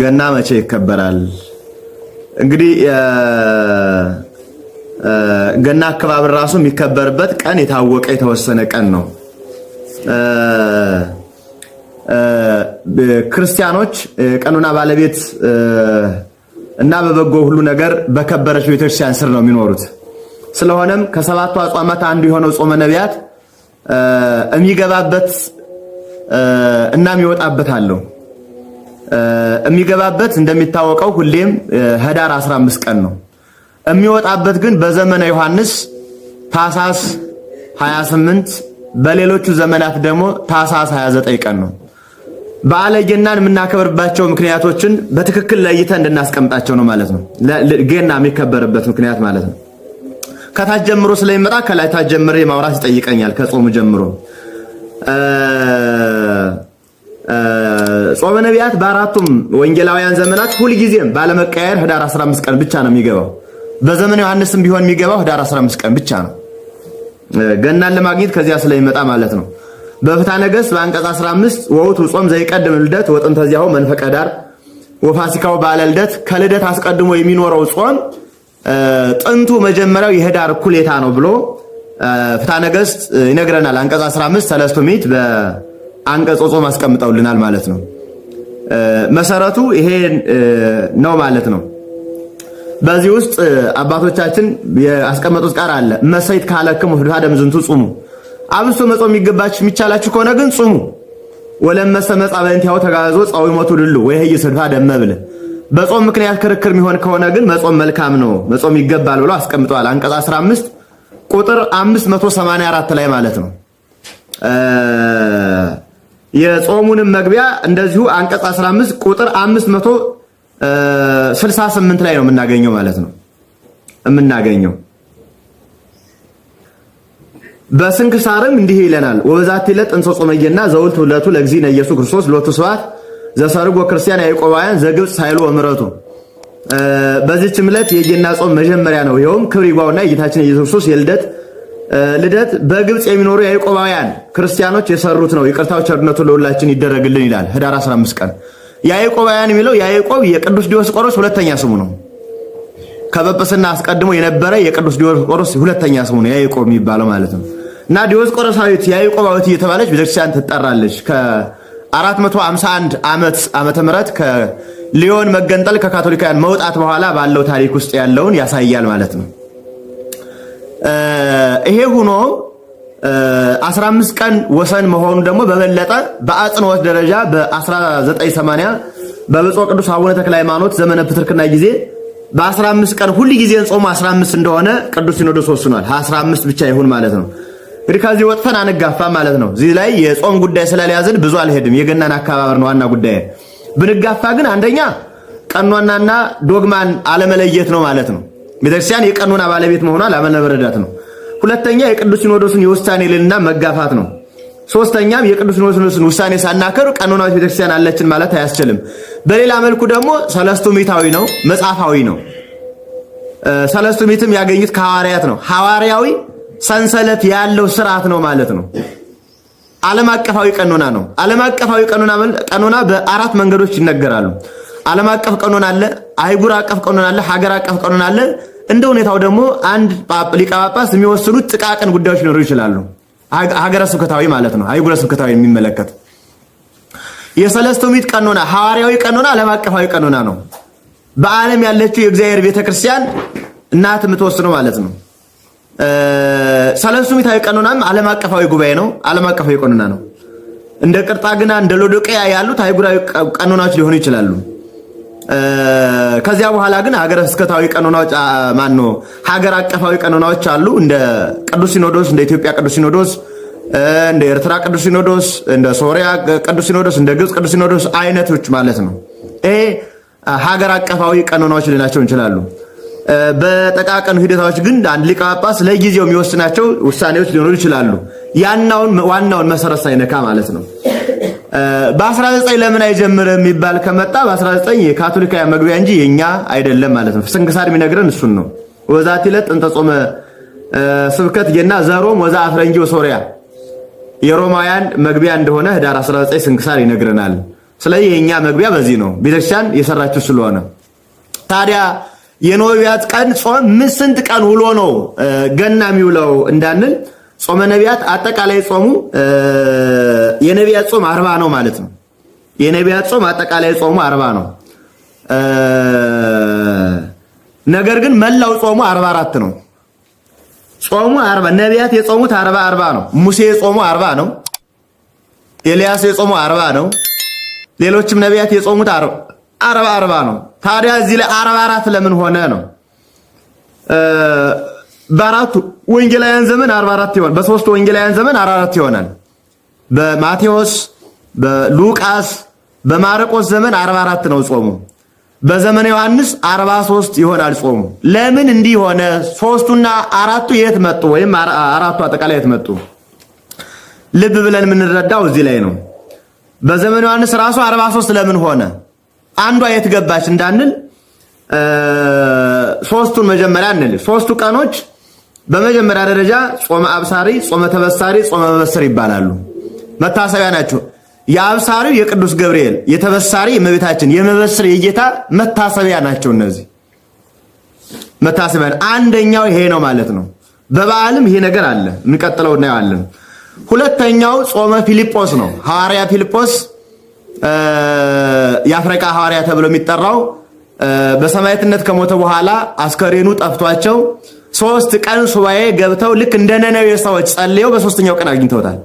ገና መቼ ይከበራል? እንግዲህ ገና አከባበር ራሱ የሚከበርበት ቀን የታወቀ የተወሰነ ቀን ነው። ክርስቲያኖች ቀኑና ባለቤት እና በበጎ ሁሉ ነገር በከበረች ቤተክርስቲያን ስር ነው የሚኖሩት። ስለሆነም ከሰባቱ አጽዋማት አንዱ የሆነው ጾመ ነቢያት የሚገባበት እና የሚወጣበት አለው። የሚገባበት እንደሚታወቀው ሁሌም ህዳር 15 ቀን ነው። የሚወጣበት ግን በዘመነ ዮሐንስ ታሳስ 28፣ በሌሎቹ ዘመናት ደግሞ ታሳስ 29 ቀን ነው። በዓለ ገናን የምናከብርባቸው ምክንያቶችን በትክክል ለይተ እንድናስቀምጣቸው ነው ማለት ነው። ገና የሚከበርበት ምክንያት ማለት ነው። ከታች ጀምሮ ስለሚመጣ ከላይ ታች ጀምሬ ማውራት ይጠይቀኛል። ከጾሙ ጀምሮ ጾመ ነቢያት በአራቱም ወንጌላውያን ዘመናት ሁልጊዜም ባለመቀያየር ህዳር 15 ቀን ብቻ ነው የሚገባው። በዘመን ዮሐንስም ቢሆን የሚገባው ህዳር 15 ቀን ብቻ ነው፣ ገናን ለማግኘት ከዚያ ስለሚመጣ ማለት ነው። በፍትሐ ነገሥት በአንቀጽ 15 ወውቱ ጾም ዘይቀድም ልደት ወጥንተ ዚያሁ መንፈቀ ወፋሲካው ባለ ልደት ከልደት አስቀድሞ የሚኖረው ጾም ጥንቱ መጀመሪያው የህዳር እኩሌታ ነው ብሎ ፍትሐ ነገሥት ይነግረናል። አንቀጽ 15 ሰለስቱ ምዕት በ አንቀጽ ጾም አስቀምጠውልናል ማለት ነው። መሰረቱ ይሄ ነው ማለት ነው። በዚህ ውስጥ አባቶቻችን ያስቀመጡት ቃል አለ። መሰይት ካለክሙ ህዱሃ ደም ዝንቱ ጹሙ። አብስቶ መጾም የሚገባችሁ የሚቻላችሁ ከሆነ ግን ጹሙ። ወለመሰ መጻ በእንቲያው ተጋዞ ጻዊሞቱ ድሉ ወይ ህይስ ህዱሃ ደም መብል በጾም ምክንያት ክርክር የሚሆን ከሆነ ግን መጾም መልካም ነው፣ መጾም ይገባል ብሎ አስቀምጠዋል። አንቀጽ 15 ቁጥር 584 ላይ ማለት ነው። የጾሙንም መግቢያ እንደዚሁ አንቀጽ 15 ቁጥር 568 ላይ ነው የምናገኘው ማለት ነው የምናገኘው። በስንክሳርም እንዲህ ይለናል። ወበዛቲ ዕለት እንሶ ጾመየና ዘውልት ሁለቱ ለእግዚእነ ኢየሱስ ክርስቶስ ሎቱ ስብሐት ዘሰርጎ ክርስቲያን ያዕቆባውያን ዘግብፅ ሳይሉ ወምረቱ። በዚህች ዕለት የጌና ጾም መጀመሪያ ነው። ይኸውም ክብር ይግባውና የጌታችን ኢየሱስ ክርስቶስ የልደት ልደት በግብፅ የሚኖሩ የያዕቆባውያን ክርስቲያኖች የሰሩት ነው። ይቅርታው ቸርነቱ ለሁላችን ይደረግልን ይላል ህዳር 15 ቀን። የያዕቆባውያን የሚለው ያዕቆብ የቅዱስ ዲዮስቆሮስ ሁለተኛ ስሙ ነው። ከጵጵስና አስቀድሞ የነበረ የቅዱስ ዲዮስቆሮስ ሁለተኛ ስሙ ነው ያዕቆብ የሚባለው ማለት ነው። እና ዲዮስቆሮሳዊት ያዕቆባዊት እየተባለች ቤተክርስቲያን ትጠራለች። ከ451 ዓመት ዓመተ ምህረት ከሊዮን መገንጠል ከካቶሊካውያን መውጣት በኋላ ባለው ታሪክ ውስጥ ያለውን ያሳያል ማለት ነው። ይሄ ሆኖ 15 ቀን ወሰን መሆኑ ደግሞ በበለጠ በአጽንኦት ደረጃ በ1980 በብፁዕ ቅዱስ አቡነ ተክለ ሃይማኖት ዘመነ ፕትርክና ጊዜ በ15 ቀን ሁል ጊዜ ጾሙ 15 እንደሆነ ቅዱስ ሲኖዶስ ወስኗል። 15 ብቻ ይሁን ማለት ነው። እንግዲህ ከዚህ ወጥተን አንጋፋ ማለት ነው። እዚህ ላይ የጾም ጉዳይ ስላልያዝን ብዙ አልሄድም። የገናን አከባበር ነው ዋና ጉዳይ። ብንጋፋ ግን አንደኛ ቀኖናና ዶግማን አለመለየት ነው ማለት ነው። ቤተክርስቲያን የቀኖና ባለቤት መሆኗ ለመረዳት ነው። ሁለተኛ የቅዱስ ሲኖዶስን የውሳኔ ልዕልና መጋፋት ነው። ሶስተኛም የቅዱስ ሲኖዶስን ውሳኔ ሳናከሩ ቀኖናዊት ቤተክርስቲያን አለችን ማለት አያስችልም። በሌላ መልኩ ደግሞ ሰለስቱ ምዕታዊ ነው፣ መጽሐፋዊ ነው። ሰለስቱ ምዕትም ያገኙት ከሐዋርያት ነው። ሐዋርያዊ ሰንሰለት ያለው ስርዓት ነው ማለት ነው። ዓለም አቀፋዊ ቀኖና ነው። ዓለም አቀፋዊ ቀኖና በአራት መንገዶች ይነገራሉ። ዓለም አቀፍ ቀኖና አለ አይጉር አቀፍ ቀኖና አለ፣ ሀገር አቀፍ ቀኖና አለ። እንደ ሁኔታው ደግሞ አንድ ሊቀ ጳጳስ የሚወስኑት ጥቃቅን ጉዳዮች ሊኖሩ ይችላሉ። ሀገረ ስብከታዊ ማለት ነው፣ አይጉረ ስብከታዊ የሚመለከት የሰለስቱ ምዕት ቀኖና ሐዋርያዊ ቀኖና ዓለም አቀፋዊ ቀኖና ነው። በዓለም ያለችው የእግዚአብሔር ቤተክርስቲያን እናት የምትወስነው ማለት ነው። ሰለስቱ ምዕታዊ ቀኖናም ዓለም አቀፋዊ ጉባኤ ነው፣ ዓለም አቀፋዊ ቀኖና ነው። እንደ ቅርጣግና እንደ ሎዶቅያ ያሉት አይጉራዊ ቀኖናዎች ሊሆኑ ይችላሉ። ከዚያ በኋላ ግን ሀገረ ስብከታዊ ቀኖናዎች ማነው ሀገር አቀፋዊ ቀኖናዎች አሉ። እንደ ቅዱስ ሲኖዶስ እንደ ኢትዮጵያ ቅዱስ ሲኖዶስ እንደ ኤርትራ ቅዱስ ሲኖዶስ እንደ ሶሪያ ቅዱስ ሲኖዶስ እንደ ግብፅ ቅዱስ ሲኖዶስ አይነቶች ማለት ነው። ይሄ ሀገር አቀፋዊ ቀኖናዎች ልናቸው እንችላሉ። በጠቃቀኑ ሂደታዎች ግን አንድ ሊቀ ጳጳስ ለጊዜው የሚወስናቸው ውሳኔዎች ሊኖሩ ይችላሉ። ያናውን ዋናውን መሰረት ሳይነካ ማለት ነው። በ19 ለምን አይጀምርም የሚባል ከመጣ በ19 የካቶሊካዊ መግቢያ እንጂ የኛ አይደለም ማለት ነው። ስንክሳር የሚነግረን እሱን ነው። ወዛቲ ዕለት ጥንተ ጾመ ስብከት ጌና ዘሮም ወዛ አፍረንጂ ወሶሪያ የሮማውያን መግቢያ እንደሆነ ህዳር 19 ስንክሳር ይነግረናል። ስለዚህ የኛ መግቢያ በዚህ ነው፣ ቤተክርስቲያን የሰራችው ስለሆነ። ታዲያ የኖቢያት ቀን ጾም ምን ስንት ቀን ውሎ ነው ገና የሚውለው እንዳንል ጾመ ነቢያት አጠቃላይ ጾሙ የነቢያት ጾም አርባ ነው ማለት ነው። የነቢያት ጾም አጠቃላይ ጾሙ አርባ ነው። ነገር ግን መላው ጾሙ አርባ አራት ነው። ጾሙ አርባ ነቢያት የጾሙት አርባ አርባ ነው። ሙሴ የጾሙ አርባ ነው። ኤልያስ የጾሙ አርባ ነው። ሌሎችም ነቢያት የጾሙት አርባ አርባ ነው። ታዲያ እዚህ ላይ አርባ አራት ለምን ሆነ ነው? በአራቱ ወንጌላውያን ዘመን 44 ይሆናል። በሶስቱ ወንጌላውያን ዘመን 44 ይሆናል። በማቴዎስ በሉቃስ በማርቆስ ዘመን 44 ነው ጾሙ። በዘመነ ዮሐንስ 43 ይሆናል ጾሙ። ለምን እንዲህ ሆነ? ሶስቱና አራቱ የት መጡ? ወይም አራቱ አጠቃላይ የት መጡ? ልብ ብለን የምንረዳው እዚህ ላይ ነው። በዘመነ ዮሐንስ ራሱ 43 ለምን ሆነ? አንዷ የት ገባች እንዳንል ሶስቱን መጀመሪያ እንል ሶስቱ ቀኖች በመጀመሪያ ደረጃ ጾመ አብሳሪ፣ ጾመ ተበሳሪ፣ ጾመ መበስር ይባላሉ። መታሰቢያ ናቸው። የአብሳሪው የቅዱስ ገብርኤል፣ የተበሳሪ መቤታችን የመበስር የጌታ መታሰቢያ ናቸው። እነዚህ መታሰቢያ አንደኛው ይሄ ነው ማለት ነው። በበዓልም ይሄ ነገር አለ፣ እንቀጥለው እናየዋለን። ሁለተኛው ጾመ ፊልጶስ ነው። ሐዋርያ ፊልጶስ የአፍሪካ ሐዋርያ ተብሎ የሚጠራው በሰማዕትነት ከሞተ በኋላ አስከሬኑ ጠፍቷቸው ሶስት ቀን ሱባኤ ገብተው ልክ እንደ ነነዌ ሰዎች ጸልየው በሶስተኛው ቀን አግኝተውታል።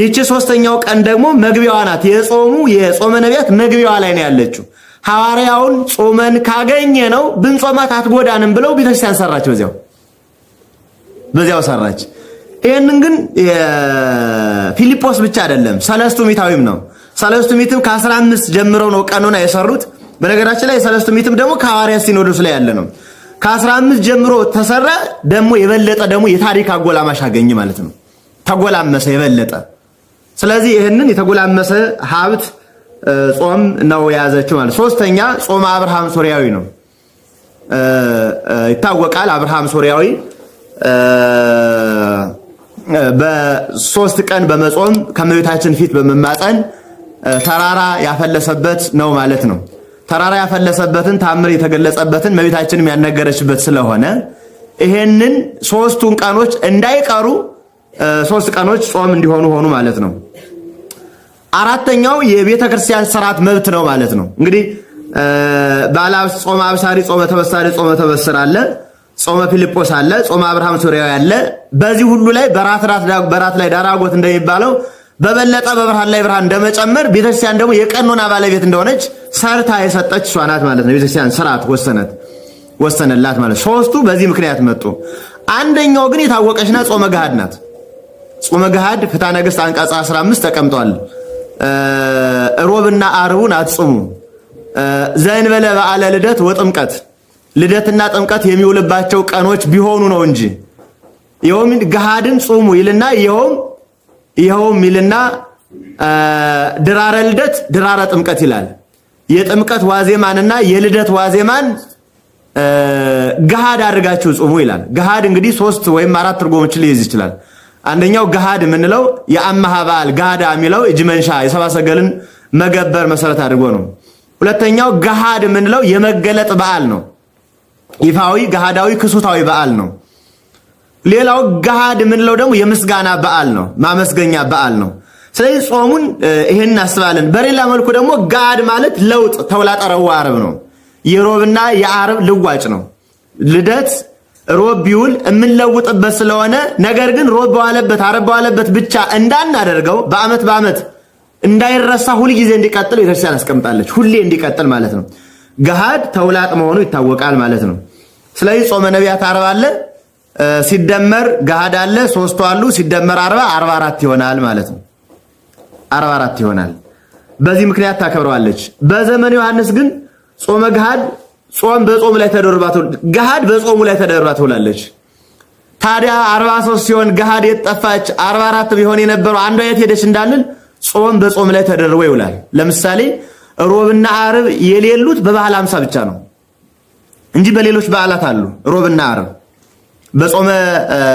ይቺ ሶስተኛው ቀን ደግሞ መግቢያዋ ናት። የጾሙ የጾመ ነቢያት መግቢያዋ ላይ ነው ያለችው። ሐዋርያውን ጾመን ካገኘ ነው ብንጾማት አትጎዳንም ብለው ቤተክርስቲያን ሰራች። በዚያው በዚያው ሰራች። ይህንን ግን ፊልጶስ ብቻ አይደለም ሰለስቱ ሚታዊም ነው። ሰለስቱ ሚትም ከአስራ አምስት ጀምረው ነው ቀኖና የሰሩት። በነገራችን ላይ የሰለስቱ ሚትም ደግሞ ከሐዋርያ ሲኖዶስ ላይ ያለ ነው። ከ15 ጀምሮ ተሰራ ደግሞ የበለጠ ደግሞ የታሪክ አጎላማሽ አገኘ ማለት ነው። ተጎላመሰ የበለጠ። ስለዚህ ይህንን የተጎላመሰ ሀብት ጾም ነው የያዘችው ማለት። ሶስተኛ ጾመ አብርሃም ሶሪያዊ ነው ይታወቃል። አብርሃም ሶሪያዊ በሶስት ቀን በመጾም ከመቤታችን ፊት በመማፀን ተራራ ያፈለሰበት ነው ማለት ነው። ተራራ ያፈለሰበትን ታምር የተገለጸበትን መቤታችንም ያነገረችበት ስለሆነ ይሄንን ሶስቱን ቀኖች እንዳይቀሩ ሶስት ቀኖች ጾም እንዲሆኑ ሆኑ ማለት ነው። አራተኛው የቤተ ክርስቲያን ስርዓት መብት ነው ማለት ነው። እንግዲህ ባለ ጾመ አብሳሪ፣ ጾመ ተበሳሪ፣ ጾመ ተበስር አለ፣ ጾመ ፊልጶስ አለ፣ ጾመ አብርሃም ሱሪያዊ አለ። በዚህ ሁሉ ላይ በራት ላይ ዳራጎት እንደሚባለው በበለጠ በብርሃን ላይ ብርሃን እንደመጨመር ቤተክርስቲያን ደግሞ የቀኖና ባለቤት እንደሆነች ሰርታ የሰጠች እሷ ናት ማለት ነው። ቤተክርስቲያን ስርዓት ወሰነት ወሰነላት ማለት ሶስቱ በዚህ ምክንያት መጡ። አንደኛው ግን የታወቀችና ጾመ ገሃድ ናት። ጾመ ገሃድ ፍትሐ ነገሥት አንቀጽ 15 ተቀምጧል። ሮብና አርቡን አትጽሙ ዘእንበለ በዓለ ልደት ወጥምቀት ልደትና ጥምቀት የሚውልባቸው ቀኖች ቢሆኑ ነው እንጂ ይኸውም ገሃድን ጾሙ ይልና ይኸውም ይኸው ሚልና ድራረ ልደት ድራረ ጥምቀት ይላል። የጥምቀት ዋዜማንና የልደት ዋዜማን ገሃድ አድርጋችሁ ጽሙ ይላል። ገሃድ እንግዲህ ሶስት ወይም አራት ትርጉሞችን ሊይዝ ይችላል። አንደኛው ገሃድ የምንለው የአመሃ በዓል ገሃዳ የሚለው እጅ መንሻ የሰባሰገልን መገበር መሰረት አድርጎ ነው። ሁለተኛው ገሃድ የምንለው የመገለጥ በዓል ነው። ይፋዊ ገሃዳዊ ክሱታዊ በዓል ነው። ሌላው ገሃድ የምንለው ደግሞ የምስጋና በዓል ነው፣ ማመስገኛ በዓል ነው። ስለዚህ ጾሙን ይህን እናስባለን። በሌላ መልኩ ደግሞ ገሃድ ማለት ለውጥ ተውላጠ አርብ ነው። የሮብና የአርብ ልዋጭ ነው። ልደት ሮብ ቢውል የምንለውጥበት ስለሆነ ነገር ግን ሮብ በዋለበት አረብ በዋለበት ብቻ እንዳናደርገው በዓመት በዓመት እንዳይረሳ ሁል ጊዜ እንዲቀጥል ቤተክርስቲያን አስቀምጣለች። ሁሌ እንዲቀጥል ማለት ነው። ገሃድ ተውላጥ መሆኑ ይታወቃል ማለት ነው። ስለዚህ ጾመ ነቢያት አርብ አለ። ሲደመር ገሃድ አለ ሶስቱ አሉ ሲደመር አርባ አርባ አራት ይሆናል ማለት ነው። አርባ አራት ይሆናል። በዚህ ምክንያት ታከብረዋለች። በዘመን ዮሐንስ ግን ጾመ ገሃድ ጾም በጾም ላይ ተደርባ ገሃድ በጾሙ ላይ ተደርባ ትውላለች። ታዲያ አርባ ሶስት ሲሆን ገሃድ የጠፋች አርባ አራት ቢሆን የነበረው አንዷ የት ሄደች እንዳልን ጾም በጾም ላይ ተደርቦ ይውላል። ለምሳሌ ሮብና አርብ የሌሉት በበዓል አምሳ ብቻ ነው እንጂ በሌሎች በዓላት አሉ ሮብና አርብ በጾመ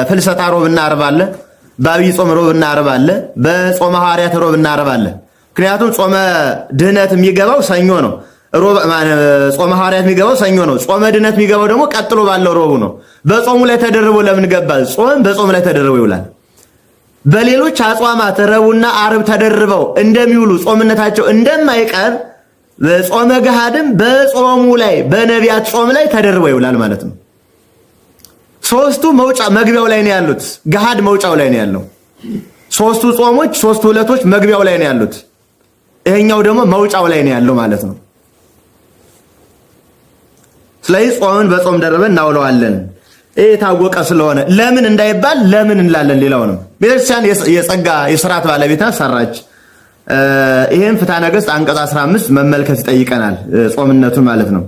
ፍልሰታ ሮብና ዓርብ አለ። በአብይ ጾም ሮብና ዓርብ አለ። በጾመ ሐዋርያት ሮብና ዓርብ አለ። ምክንያቱም ጾመ ድህነት የሚገባው ሰኞ ነው። ጾመ ሐዋርያት የሚገባው ሰኞ ነው። ጾመ ድህነት የሚገባው ደግሞ ቀጥሎ ባለው ሮቡ ነው። በጾሙ ላይ ተደርቦ ለምን ገባ? ጾም በጾም ላይ ተደርቦ ይውላል። በሌሎች አጽዋማት ረቡና አርብ ተደርበው እንደሚውሉ ጾምነታቸው እንደማይቀር ጾመ ገሃድም በጾሙ ላይ በነቢያት ጾም ላይ ተደርቦ ይውላል ማለት ነው። ሶስቱ መውጫ መግቢያው ላይ ነው ያሉት። ገሃድ መውጫው ላይ ነው ያለው። ሶስቱ ጾሞች፣ ሶስቱ ዕለቶች መግቢያው ላይ ነው ያሉት። ይሄኛው ደግሞ መውጫው ላይ ነው ያለው ማለት ነው። ስለዚህ ጾምን በጾም ደርበን እናውለዋለን። ይህ የታወቀ ስለሆነ ለምን እንዳይባል ለምን እንላለን። ሌላው ነው ቤተክርስቲያን የጸጋ የስርዓት ባለቤት ናት፣ ሰራች። ይህም ፍትሐ ነገሥት አንቀጽ 15 መመልከት ይጠይቀናል። ጾምነቱን ማለት ነው።